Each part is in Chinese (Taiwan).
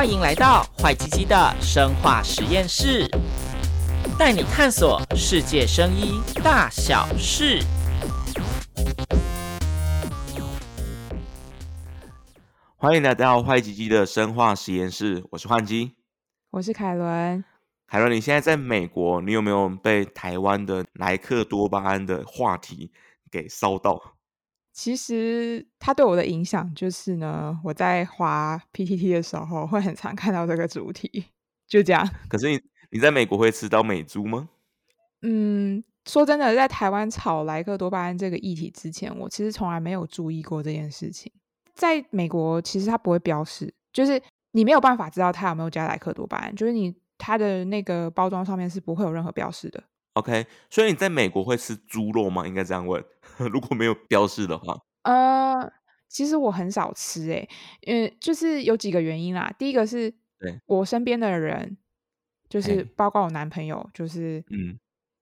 歡迎來到壞基基的生化實驗室，帶你探索世界生醫大小事。歡迎來到壞基基的生化實驗室，我是幻姬，我是凱倫。凱倫，你現在在美國，你有沒有被台灣的萊克多巴胺的話題給騷到？其實它對我的影響就是呢，我在滑 PTT 的時候會很常看到這個主題，就這樣。可是你你在美國會吃到美豬嗎？嗯，說真的，在台灣炒萊克多巴胺這個議題之前，我其實從來沒有注意過這件事情。在美國，其實它不會標示，就是你沒有辦法知道它有沒有加萊克多巴胺，就是你它的那個包裝上面是不會有任何標示的。OK，所以你在美國會吃豬肉嗎？應該這樣問， 如果沒有標示的話。呃，其實我很少吃、欸，誒，因為就是有幾個原因啦。第一個是，我身邊的人，對就是包括我男朋友，欸、就是嗯，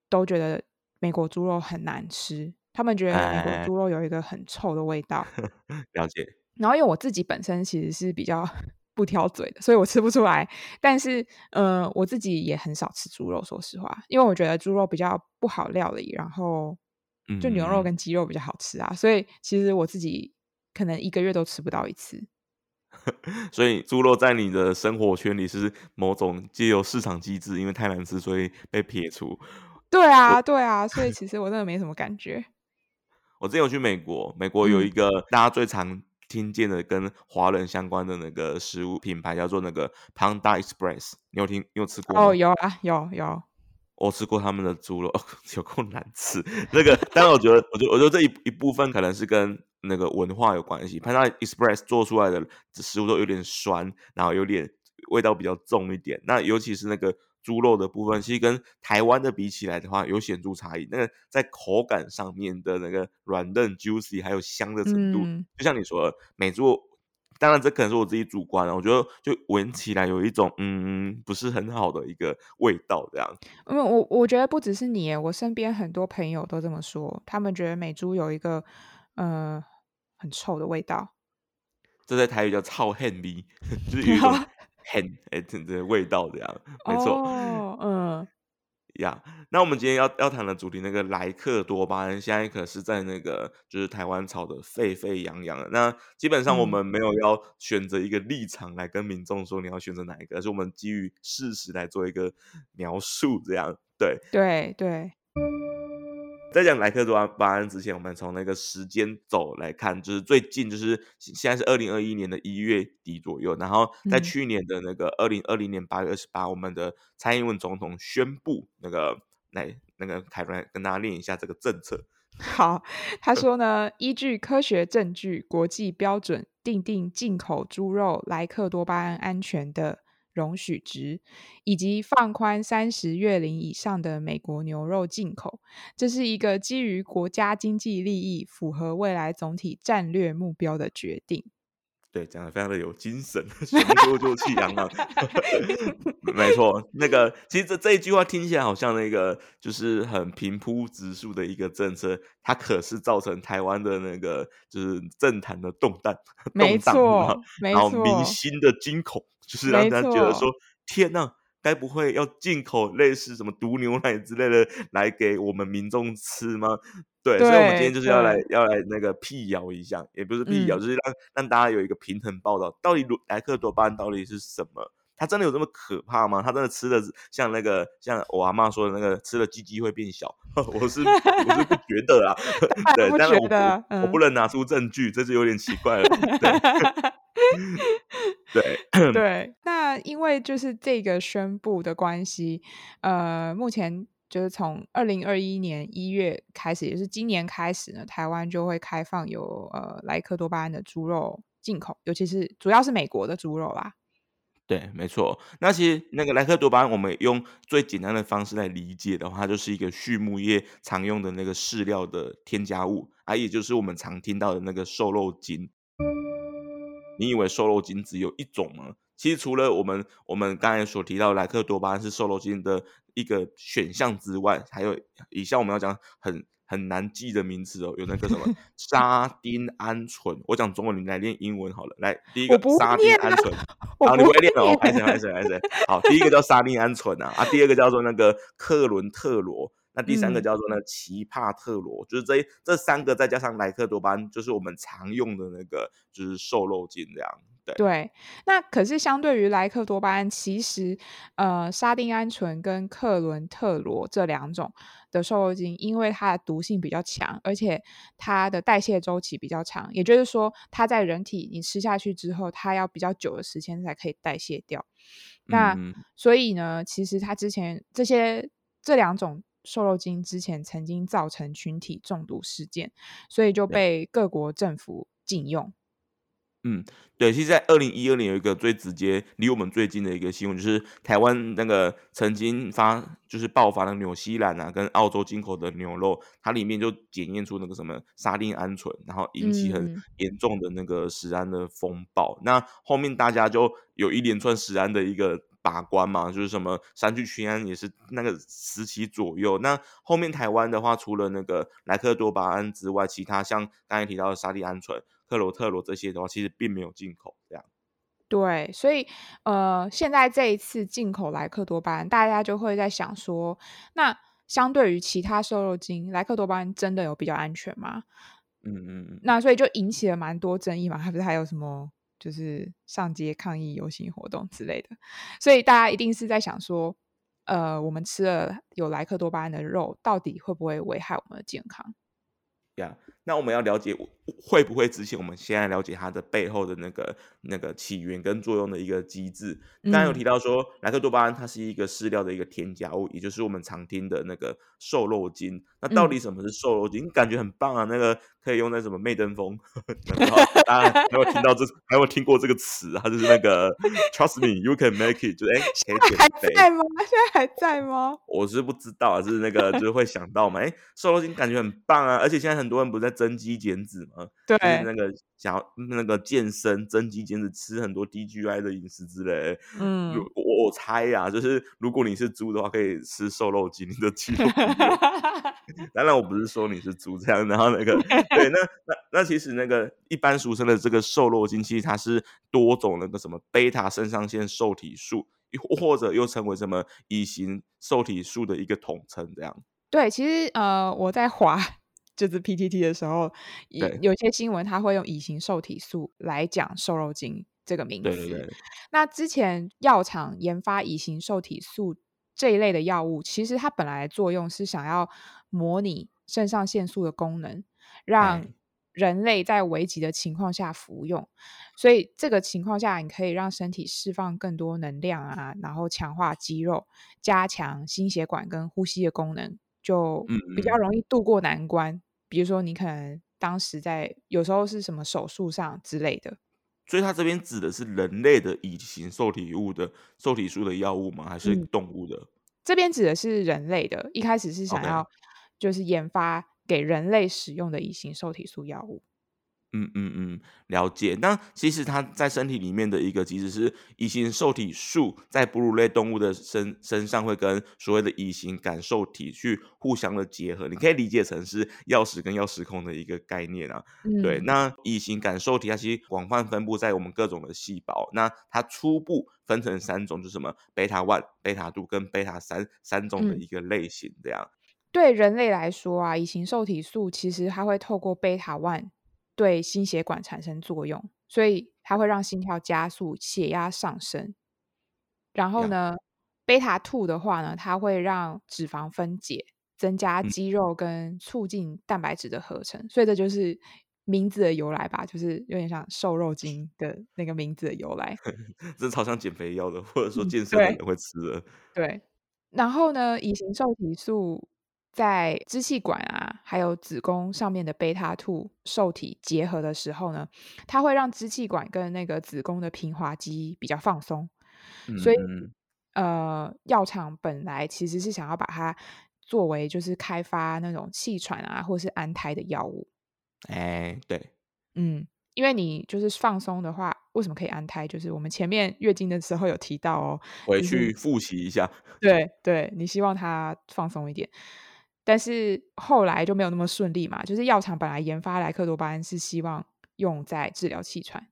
都覺得美國豬肉很難吃，嗯、他們覺得美國豬肉有一個很臭的味道。唉唉唉 了解。然後因為我自己本身其實是比較。 不挑嘴的，所以我吃不出來。但是，呃，我自己也很少吃豬肉，說實話，因為我覺得豬肉比較不好料理，然後就牛肉跟雞肉比較好吃啊。嗯、所以，其實我自己可能一個月都吃不到一次。所以，豬肉在你的生活圈裡是某種借由市場機制，因為太難吃，所以被撇除。對啊，我對啊。所以，其實我真的沒什麼感覺。 我之前有去美國，美國有一個大家最常、嗯。聽見的跟華人相關的那個食物品牌叫做那個 Panda Express，你有聽你有吃過嗎？哦，oh, 有啊，有有，我、哦、吃過他們的豬肉，有夠難吃。那個，當然我覺得， 我，覺得我覺得，我覺得這一一部分可能是跟那個文化有關係。Panda Express 做出來的食物都有點酸，然後有點味道比較重一點。那尤其是那個。豬肉的部分其實跟台灣的比起來的話，有顯著差異。那個在口感上面的那個軟嫩、juicy 還有香的程度，嗯、就像你說的，美豬，當然這可能是我自己主觀，我覺得就聞起來有一種嗯，不是很好的一個味道這樣。因為、嗯、我我覺得不只是你，我身邊很多朋友都這麼說，他們覺得美豬有一個嗯、呃、很臭的味道。這在台語叫臭腥味， 就是一種 很味道這樣，oh, 沒錯，嗯，呀、嗯，那我們今天要要談的主題，那個萊克多巴胺，現在可是在那個就是台灣炒得沸沸揚揚的。那基本上我們沒有要選擇一個立場來跟民眾說你要選擇哪一個，嗯、而是我們基於事實來做一個描述，這樣，對，對，對。在講萊克多巴胺之前，我們從那個時間軸來看，就是最近，就是現在是二零二一年的一月底左右，然後在去年的那個二零二零年八月二十八，我們的蔡英文總統宣布那個來那，那個凱瑞跟大家念一下這個政策。好，他說呢，呵依據科學證據、國際標準，訂定進口豬肉萊克多巴胺安全的容許值，以及放寬三十月齡以上的美國牛肉進口，這是一個基於國家經濟利益、符合未來總體戰略目標的決定。對，講的非常的有精神，雄赳赳氣昂昂。沒錯，那個其實這一句話聽起來好像那個就是很平鋪直述的一個政策，它可是造成台灣的那個就是政壇的動盪，沒錯，動盪然後民心錯的驚恐，就是讓大家覺得說，錯天吶！該不會要進口類似什麼毒牛奶之類的來給我們民眾吃嗎？對，對，所以我們今天就是要來對要來那個闢謠一下，也不是闢謠，嗯、就是讓讓大家有一個平衡報道，到底盧萊克多巴胺到底是什麼？他真的有這麼可怕嗎？他真的吃的像那個像我阿媽說的那個吃了雞雞會變小？ 我是我是不覺得啊， 不覺得，對但是我、嗯、我，我不能拿出證據，這就有點奇怪了。對 對， 對，那因為就是這個宣布的關係，呃，目前就是從二零二一年一月開始，也是今年開始呢，台灣就會開放有呃萊克多巴胺的豬肉進口，尤其是主要是美國的豬肉啦。對，沒錯。那其實那個萊克多巴胺，我們用最簡單的方式來理解的話，它就是一個畜牧業常用的那個飼料的添加物，而、啊、也就是我們常聽到的那個瘦肉精。你以為瘦肉精只有一種嗎？其實除了我們我們剛才所提到萊克多巴胺是瘦肉精的一個選項之外，還有以下我們要講很。很難記的名字哦，有那個什麼沙丁胺醇。 我講中文你來念英文好了。來，第一個不沙丁胺醇，好、啊，你會念 哦，誰誰誰。好， 好，第一個叫沙丁胺醇啊，啊，第二個叫做那個克倫特羅，那第三個叫做呢奇帕特羅，嗯、就是這這三個再加上萊克多巴胺，就是我們常用的那個就是瘦肉精這樣。對，對那可是相對於萊克多巴胺，其實呃沙丁胺醇跟克倫特羅這兩種。的瘦肉精，因為它的毒性比較強，而且它的代謝週期比較長，也就是說，它在人體你吃下去之後，它要比較久的時間才可以代謝掉。那所以呢，嗯。其實它之前這些這兩種瘦肉精之前曾經造成群體中毒事件，所以就被各國政府禁用。嗯，對，其實，在二零一二年有一個最直接、離我們最近的一個新聞，就是台灣那個曾經發，就是爆發那個紐西蘭啊，跟澳洲進口的牛肉，它裡面就檢驗出那個什麼沙丁胺醇，然後引起很嚴重的那個食安的風暴。嗯、那後面大家就有一連串食安的一個，把關嘛，就是什麼三聚氰胺也是那個時期左右。那後面台灣的話，除了那個萊克多巴胺之外，其他像剛才提到的沙地安醇、克羅特羅這些的話，其實並沒有進口這樣。對，所以呃，現在這一次進口萊克多巴胺，大家就會在想說，那相對於其他瘦肉精，萊克多巴胺真的有比較安全嗎？嗯嗯。那所以就引起了蠻多爭議嘛，還不是還有什麼？就是上街抗議、遊行活動之類的，所以大家一定是在想說，呃，我們吃了有萊克多巴胺的肉，到底會不會危害我們的健康？Yeah。那我們要了解會不會執行？我們先來了解它的背後的那個那個起源跟作用的一個機制。剛才、嗯、有提到說，萊克多巴胺它是一個飼料的一個添加物，也就是我們常聽的那個瘦肉精。那到底什麼是瘦肉精？嗯、感覺很棒啊，那個可以用在什麼？媚登峰？ 有沒有聽到這？有 沒有聽過這個詞？啊，就是那個 ，Trust me, you can make it 就。就、欸、哎，還在嗎？現在還在嗎？現在還在嗎？我是不知道啊，是那個就是會想到嘛？哎、欸，瘦肉精感覺很棒啊，而且現在很多人不在。增肌減脂嘛，對，就是那個想要那個健身增肌減脂，吃很多 DGI 的飲食之類。嗯，我猜呀、啊，就是如果你是豬的話，可以吃瘦肉精的豬。 當然，我不是說你是豬這樣。然後那個， 對，那那那其實那個一般俗稱的這個瘦肉精，其實它是多種那個什麼貝塔腎上腺受體素，或者又稱為什麼乙型受體素的一個統稱這樣。對，其實呃，我在滑。就是 PTT 的時候，有對有些新聞它會用乙型受體素來講瘦肉精這個名詞。對對對。那之前藥廠研發乙型受體素這一類的藥物，其實它本來的作用是想要模擬腎上腺素的功能，讓人類在危急的情況下服用。對對對。所以這個情況下，你可以讓身體釋放更多能量啊，然後強化肌肉，加強心血管跟呼吸的功能，就比較容易度過難關。嗯嗯比如說，你可能當時在有時候是什麼手術上之類的，所以他這邊指的是人類的乙型受體物的受體素的藥物嗎？還是動物的？嗯，這邊指的是人類的，一開始是想要 Okay. 就是研發給人類使用的乙型受體素藥物。嗯嗯嗯，了解。那其實它在身體裡面的一個，其實是乙型受體素在哺乳類動物的身身上會跟所謂的乙型感受體去互相的結合。你可以理解成是鑰匙跟鑰匙孔的一個概念啊。嗯、對，那乙型感受體它其實廣泛分布在我們各種的細胞。那它初步分成三種，就什麼貝塔 one、貝塔 two 跟貝塔三三種的一個類型這樣。嗯、對人類來說啊，乙型受體素其實它會透過貝塔 one。對心血管產生作用，所以它會讓心跳加速、血壓上升。然後呢，貝塔二的話呢，它會讓脂肪分解、增加肌肉跟促進蛋白質的合成。嗯、所以這就是名字的由來吧，就是有點像瘦肉精的那個名字的由來。 這超像減肥藥的，或者說健身也會吃的、嗯對。對，然後呢，乙型受體素。在支氣管啊，還有子宮上面的貝塔2受體結合的時候呢，它會讓支氣管跟那個子宮的平滑肌比較放鬆，所以、嗯、呃，藥廠本來其實是想要把它作為就是開發那種氣喘啊，或是安胎的藥物。哎、欸，對，嗯，因為你就是放鬆的話，為什麼可以安胎？就是我們前面月經的時候有提到哦，回去複習一下。 對，對，你希望它放鬆一點。但是後來就沒有那麼順利嘛，就是藥廠本來研發萊克多巴胺是希望用在治療氣喘，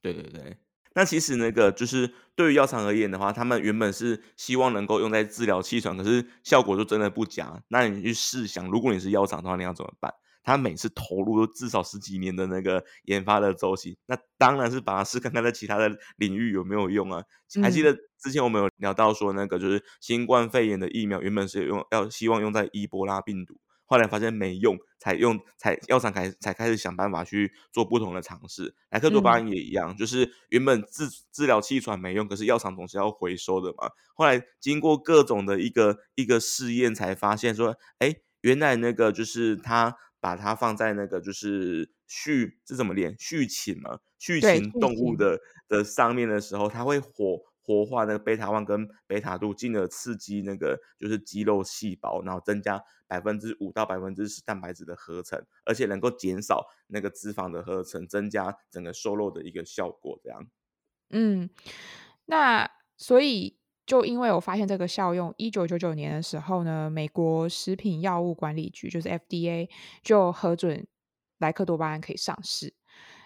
對對對，那其實那個就是對於藥廠而言的話，他們原本是希望能夠用在治療氣喘，可是效果就真的不佳。那你去試想，如果你是藥廠的話，你要怎麼辦？他每次投入都至少十幾年的那個研發的週期，那當然是把它試看看在其他的領域有沒有用啊。嗯、還記得之前我們有聊到說，那個就是新冠肺炎的疫苗原本是用要希望用在伊波拉病毒，後來發現沒用，才用才藥廠才才開始想辦法去做不同的嘗試。萊克多巴胺也一樣，嗯、就是原本治治療氣喘沒用，可是藥廠總是要回收的嘛。後來經過各種的一個一個試驗，才發現說，哎、欸，原來那個就是它。把它放在那個就是畜，這怎麼念？畜禽嘛，畜禽動物的的上面的時候，它會活活化那個貝塔 one 跟貝塔 two，進而刺激那個就是肌肉細胞，然後增加百分之五到百分之十蛋白質的合成，而且能夠減少那個脂肪的合成，增加整個瘦肉的一個效果。這樣，嗯，那所以。就因為我發現這個效用，一九九九年的時候呢，美國食品藥物管理局就是 FDA 就核准萊克多巴胺可以上市。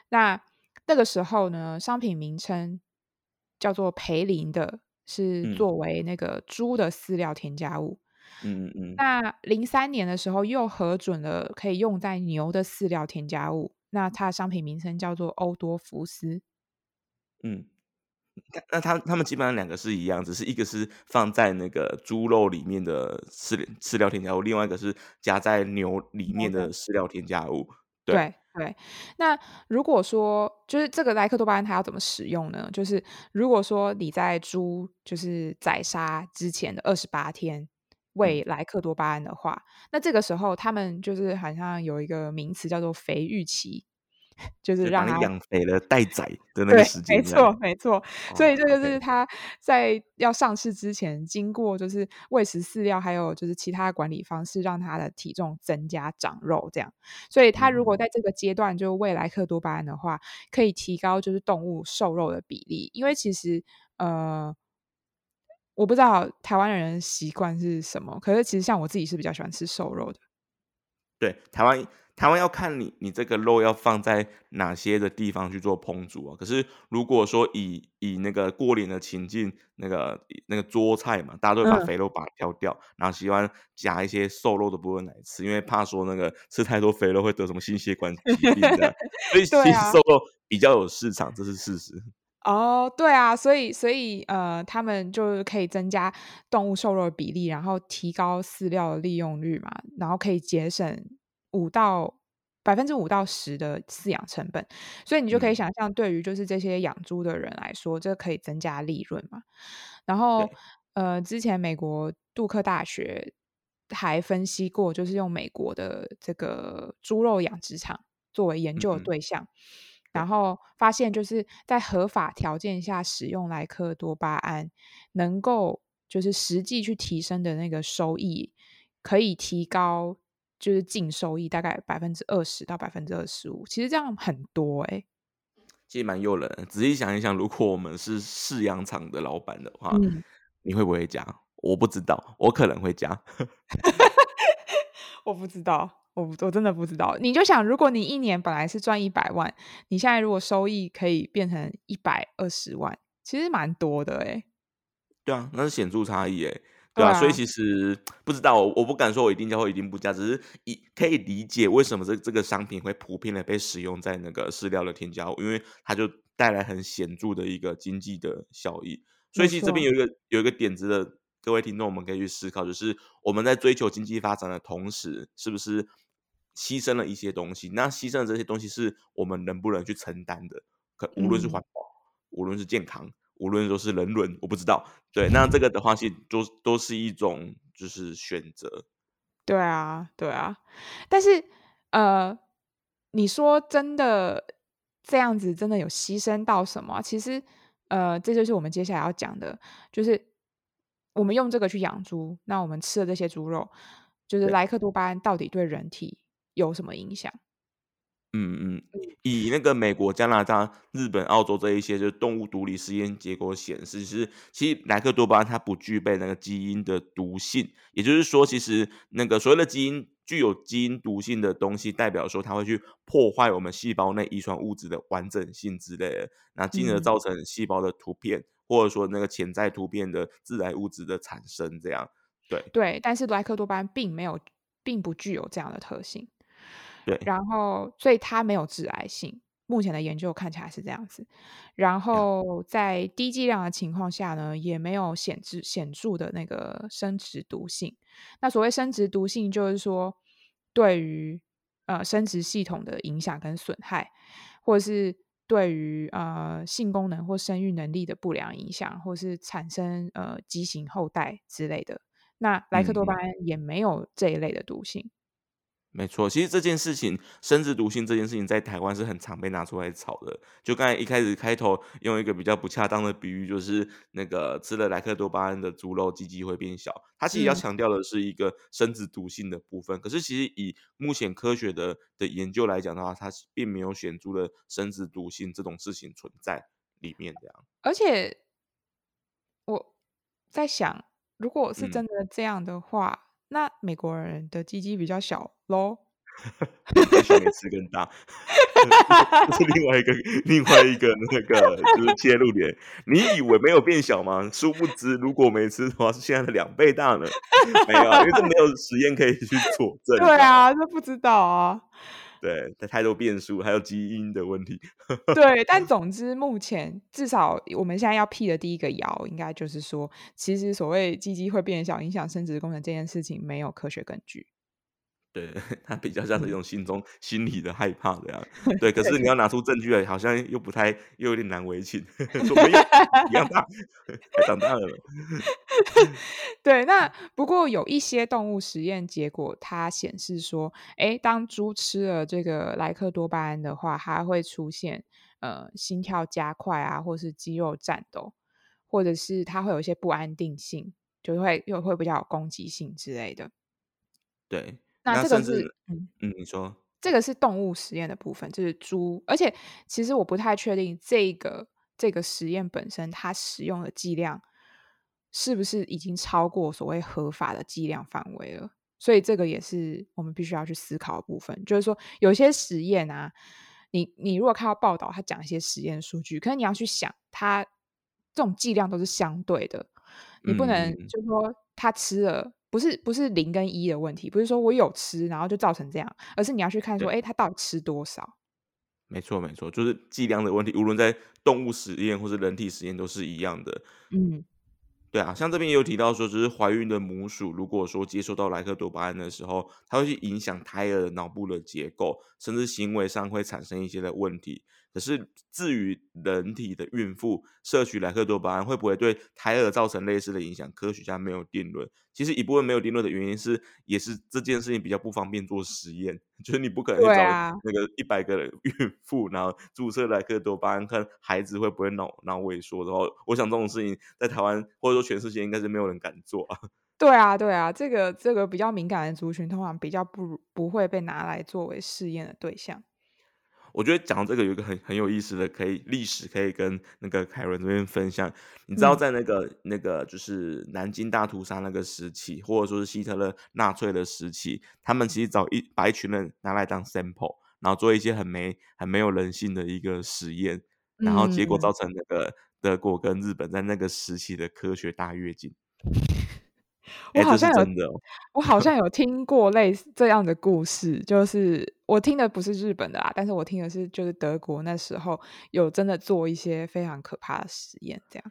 那那個時候呢，商品名稱叫做培林的，是作為那個豬的飼料添加物。嗯嗯。那零三年的時候又核准了可以用在牛的飼料添加物，那它的商品名稱叫做歐多福斯。嗯。那他他們基本上兩個是一樣，只是一個是放在那個豬肉裡面的飼飼料添加物，另外一個是夾在牛裡面的飼料添加物。Okay. 對對，那如果說就是這個萊克多巴胺，它要怎麼使用呢？就是如果說你在豬就是宰殺之前的二十八天餵萊克多巴胺的話，嗯、那這個時候他們就是好像有一個名詞叫做肥育期。就是讓你養肥了待宰的那個時間，沒錯沒錯。所以這就是他在要上市之前，經過就是餵食飼料，還有就是其他管理方式，讓它的體重增加長肉這樣。所以它如果在這個階段就餵萊克多巴胺的話，可以提高就是動物瘦肉的比例。因為其實呃，我不知道台灣人習慣是什麼，可是其實像我自己是比較喜歡吃瘦肉的對。對台灣。台灣要看你，你這個肉要放在哪些的地方去做烹煮啊？可是如果說以以那個過年的情境，那個那個桌菜嘛，大家都會把肥肉把它挑掉，嗯、然後喜歡夾一些瘦肉的部分來吃，因為怕說那個吃太多肥肉會得什麼心血管疾病的， 所以其實瘦肉比較有市場， 啊、這是事實。哦，oh, 對啊，所以所以呃，他們就是可以增加動物瘦肉的比例，然後提高飼料的利用率嘛，然後可以節省。五到百分之五到十的飼養成本，所以你就可以想象，對於就是這些養豬的人來說，這可以增加利潤嘛。然後，呃，之前美國杜克大學還分析過，就是用美國的這個豬肉養殖場作為研究的對象，然後發現就是在合法條件下使用萊克多巴胺，能夠就是實際去提升的那個收益，可以提高。就是淨收益大概百分之二十到百分之二十五，其實這樣很多哎、欸，其實蠻誘人的。仔細想一想，如果我們是飼養場的老闆的話，嗯、你會不會加？我不知道，我可能會加。 我不知道，我我真的不知道。你就想，如果你一年本來是賺一百萬，你現在如果收益可以變成一百二十萬，其實蠻多的哎、欸。對啊，那是顯著差異哎、欸。對啊，所以其實不知道，我，我不敢說，我一定加或一定不加，只是以可以理解為什麼這這個商品會普遍的被使用在那個飼料的添加物，因為它就帶來很顯著的一個經濟的效益。所以其實這邊有一個有一個點子的，各位聽眾，我們可以去思考，就是我們在追求經濟發展的同時，是不是犧牲了一些東西？那犧牲的這些東西是我們能不能去承擔的？可無論是環保，嗯、無論是健康。無論說是人倫，我不知道。對，那這個的話其實都都是一種就是選擇。對啊，對啊。但是，呃，你說真的這樣子真的有犧牲到什麼？其實，呃，這就是我們接下來要講的，就是我們用這個去養豬，那我們吃的這些豬肉，就是萊克多巴胺到底對人體有什麼影響？嗯嗯，以那個美國、加拿大、日本、澳洲這一些，就是動物毒理實驗結果顯示，是其實萊克多巴胺它不具備那個基因的毒性，也就是說，其實那個所謂的基因具有基因毒性的東西，代表說它會去破壞我們細胞內遺傳物質的完整性之類的，那進而造成細胞的突變，嗯、或者說那個潛在突變的致癌物質的產生。這樣，對對，但是萊克多巴胺並沒有，並不具有這樣的特性。對，然後所以它沒有致癌性，目前的研究看起來是這樣子。然後在低劑量的情況下呢，也沒有顯著顯著的那個生殖毒性。那所謂生殖毒性，就是說對於呃生殖系統的影響跟損害，或者是對於呃性功能或生育能力的不良影響，或是產生呃畸形後代之類的。那萊克多巴胺也沒有這一類的毒性。嗯嗯沒錯，其實這件事情，生殖毒性這件事情，在台灣是很常被拿出來炒的。就剛才一開始開頭用一個比較不恰當的比喻，就是那個吃了萊克多巴胺的豬肉，雞雞會變小。他其實要強調的是一個生殖毒性的部分。嗯、可是其實以目前科學的的研究來講的話，它並沒有顯著的生殖毒性這種事情存在裡面。這樣，而且我在想，如果是真的這樣的話。嗯那美國人的雞雞比較小嘍？比沒吃更大，是另外一個 另外一個那個就是切入點。你以為沒有變小嗎？殊不知，如果沒吃的話，是現在的兩倍大呢。沒有、啊，因為這沒有實驗可以去佐證。對啊，這不知道啊。對，太太多變數，還有基因的問題。 對，但總之目前至少我們現在要闢的第一個謠，應該就是說，其實所謂雞雞會變小影響生殖功能這件事情，沒有科學根據。對，他比較像是一種心中、心理的害怕這樣。嗯、對，可是你要拿出證據來，好像又不太，又有點難為情。怎 樣有？大， 長大了。對，那不過有一些動物實驗結果，它顯示說，當豬吃了這個萊克多巴胺的話，它會出現、呃、心跳加快啊，或是肌肉顫抖，或者是它會有一些不安定性，就會又會比較有攻擊性之類的。對。那這個是，嗯，你說這個是動物實驗的部分，就是豬，而且其實我不太確定這個這個實驗本身它使用的劑量是不是已經超過所謂合法的劑量範圍了，所以這個也是我們必須要去思考的部分。就是說，有些實驗啊，你你如果看到報道，他講一些實驗數據，可能你要去想，它這種劑量都是相對的，你不能就是說他吃了。不是不是零跟一的問題，不是說我有吃，然後就造成這樣，而是你要去看說，哎對、欸，他到底吃多少？沒錯沒錯，就是劑量的問題，無論在動物實驗或是人體實驗都是一樣的。嗯，對啊，像這邊也有提到說，就是懷孕的母鼠，如果說接受到萊克多巴胺的時候，它會去影響胎兒腦部的結構，甚至行為上會產生一些的問題。可是，至於人體的孕婦攝取萊克多巴胺會不會對胎兒造成類似的影響，科學家沒有定論。其實一部分沒有定論的原因是，也是這件事情比較不方便做實驗，就是你不可能找那個一百個孕婦，啊、然後注射萊克多巴胺，看孩子會不會腦腦萎縮。然後，我想這種事情在台灣或者說全世界應該是沒有人敢做、啊。對啊，對啊，這個這個比較敏感的族群，通常比較不不會被拿來作為試驗的對象。我覺得講這個有一個很很有意思的，可以歷史可以跟那個凱倫這邊分享。你知道在那個、嗯、那個就是南京大屠殺那個時期，或者說是希特勒納粹的時期，他們其實找一把一群人拿來當 sample，然後做一些很沒很沒有人性的一個實驗，然後結果造成那個德國跟日本在那個時期的科學大躍進。嗯 我好像有，欸真的哦、我好像有聽過類似這樣的故事， 就是我聽的不是日本的啦、啊，但是我聽的是就是德國那時候有真的做一些非常可怕的實驗，這樣。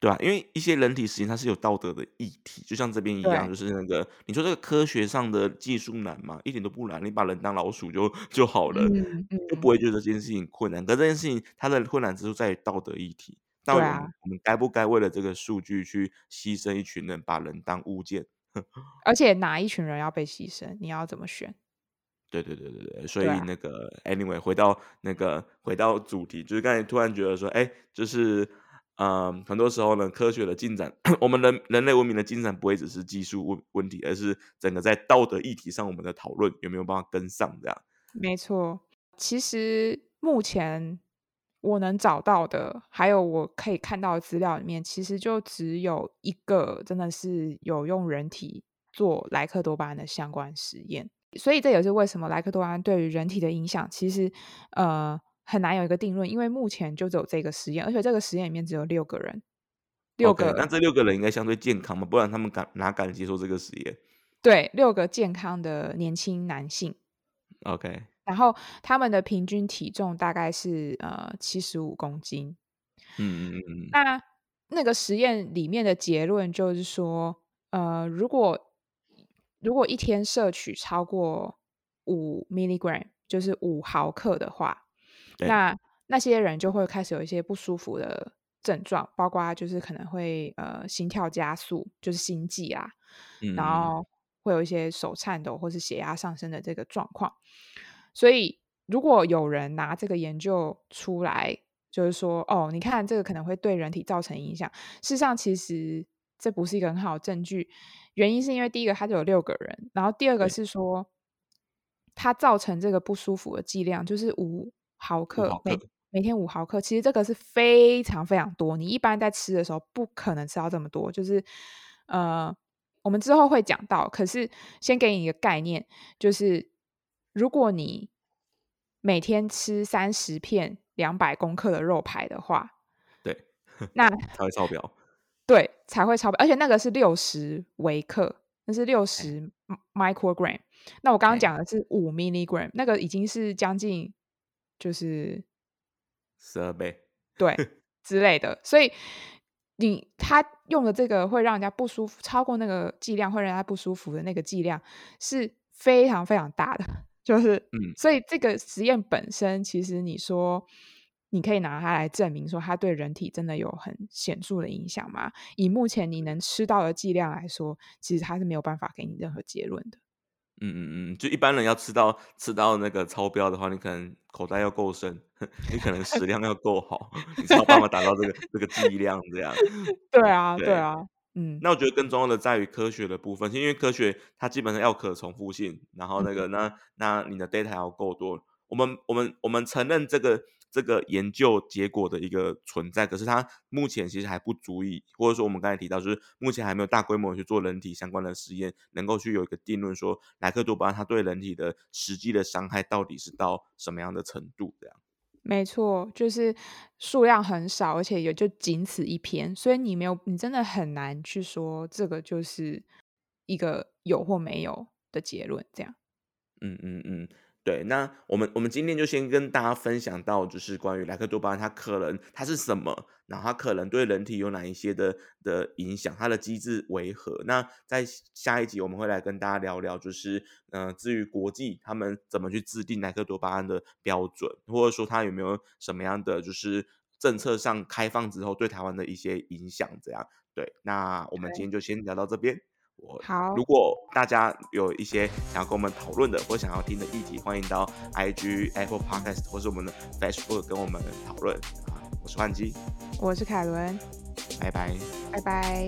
對啊，因為一些人體實驗它是有道德的議題，就像這邊一樣，對就是那個你說這個科學上的技術難嘛，一點都不難，你把人當老鼠就就好了，嗯嗯、就不會覺得這件事情困難。可這件事情它的困難之處在於道德議題。到底我們該不該為了這個數據去犧牲一群人，把人當物件？而且哪一群人要被犧牲？你要怎麼選？對對對對對。所以那個，anyway，對啊，回到那個，回到主題，就是剛才突然覺得說，誒，就是，嗯、呃，很多時候呢，科學的進展， 我們人人類文明的進展，不會只是技術問問題，而是整個在道德議題上，我們的討論有沒有辦法跟上？這樣。沒錯，其實目前。我能找到的，還有我可以看到的資料裡面，其實就只有一個真的是有用人體做萊克多巴胺的相關實驗。所以這也是為什麼萊克多巴胺對於人體的影響，其實呃很難有一個定論，因為目前就只有這個實驗，而且這個實驗裡面只有六個人，六個。Okay, 那這六個人應該相對健康嘛？不然他們敢哪敢接受這個實驗？對，六個健康的年輕男性。OK。然後他們的平均體重大概是呃七十五公斤。嗯嗯嗯。那那個實驗裡面的結論就是說，呃，如果如果一天攝取超過五 milligram，就是五毫克的話，欸、那那些人就會開始有一些不舒服的症狀，包括就是可能會呃心跳加速，就是心悸啊，嗯嗯，然後會有一些手顫抖或是血壓上升的這個狀況。所以，如果有人拿這個研究出來，就是說，哦，你看這個可能會對人體造成影響。事實上，其實這不是一個很好的證據。原因是因為第一個，它只有六個人；然後第二個是說，對它造成這個不舒服的劑量就是五毫克，五毫克每每天五毫克，其實這個是非常非常多。你一般在吃的時候不可能吃到這麼多。就是呃，我們之後會講到，可是先給你一個概念，就是。如果你每天吃三十片兩百公克的肉排的話，對，那才會超標。對，才會超標。而且那個是六十微克，那是六十 microgram。那我剛剛講的是五 milligram，Okay. 那個已經是將近就是十二倍，對 之類的。所以你他用的這個會讓人家不舒服，超過那個劑量會讓人家不舒服的那個劑量是非常非常大的。就是，嗯，所以這個實驗本身，其實你說，你可以拿它來證明說它對人體真的有很顯著的影響嗎？以目前你能吃到的劑量來說，其實它是沒有辦法給你任何結論的。嗯嗯嗯，就一般人要吃到吃到那個超標的話，你可能口袋要夠深，你可能食量要夠好， 你才有辦法達到這個 這個劑量這樣。對啊，對，對啊。嗯，那我覺得更重要的在於科學的部分，是因為科學它基本上要可重複性，然後那個那、嗯、哼那你的 data 要夠多。我們我們我們承認這個這個研究結果的一個存在，可是它目前其實還不足以，或者說我們剛才提到，就是目前還沒有大規模去做人體相關的實驗，能夠去有一個定論說萊克多巴胺它對人體的實際的傷害到底是到什麼樣的程度這樣。沒錯，就是數量很少，而且也就僅此一篇，所以你沒有，你真的很難去說這個就是一個有或沒有的結論。這樣，嗯嗯嗯。嗯嗯對，那我們我們今天就先跟大家分享到，就是關於萊克多巴胺它可能它是什麼，然後它可能對人體有哪一些的的影響，它的機制為何？那在下一集我們會來跟大家聊聊，就是嗯、呃，至於國際他們怎麼去制定萊克多巴胺的標準，或者說它有沒有什麼樣的就是政策上開放之後對台灣的一些影響這樣。對，那我們今天就先聊到這邊。我好，如果大家有一些想要跟我們討論的或想要聽的議題，歡迎到 I G Apple Podcast 或是我們的 Facebook 跟我們討論啊！我是萬基，我是凱倫，拜拜，拜拜。